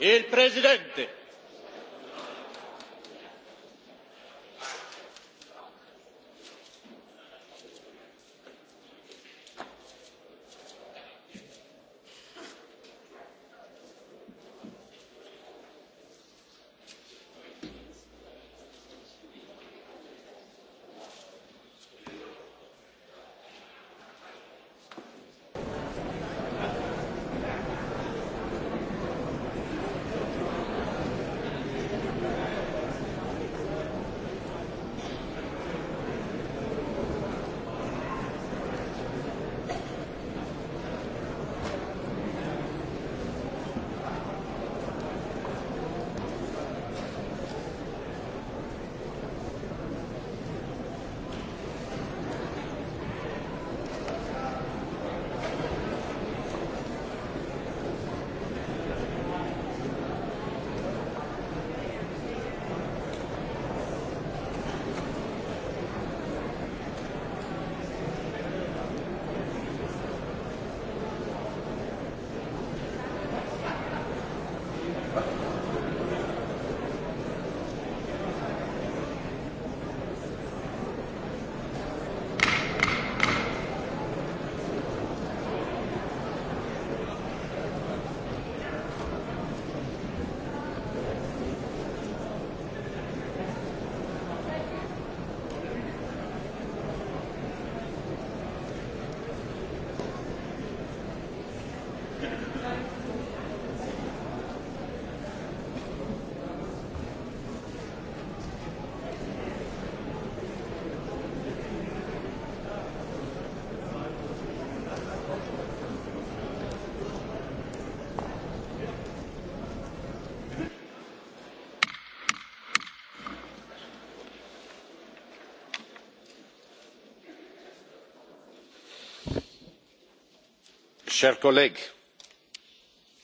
il presidente.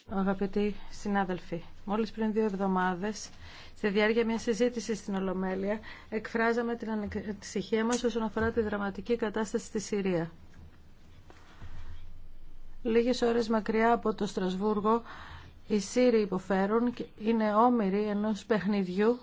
Αγαπητοί συνάδελφοι, μόλις πριν δύο εβδομάδες, στη διάρκεια μιας συζήτησης στην Ολομέλεια, εκφράζαμε την ανησυχία μας όσον αφορά τη δραματική κατάσταση στη Συρία. Λίγες ώρες μακριά από το Στρασβούργο, οι Σύροι υποφέρουν, και είναι όμοιροι ενός παιχνιδιού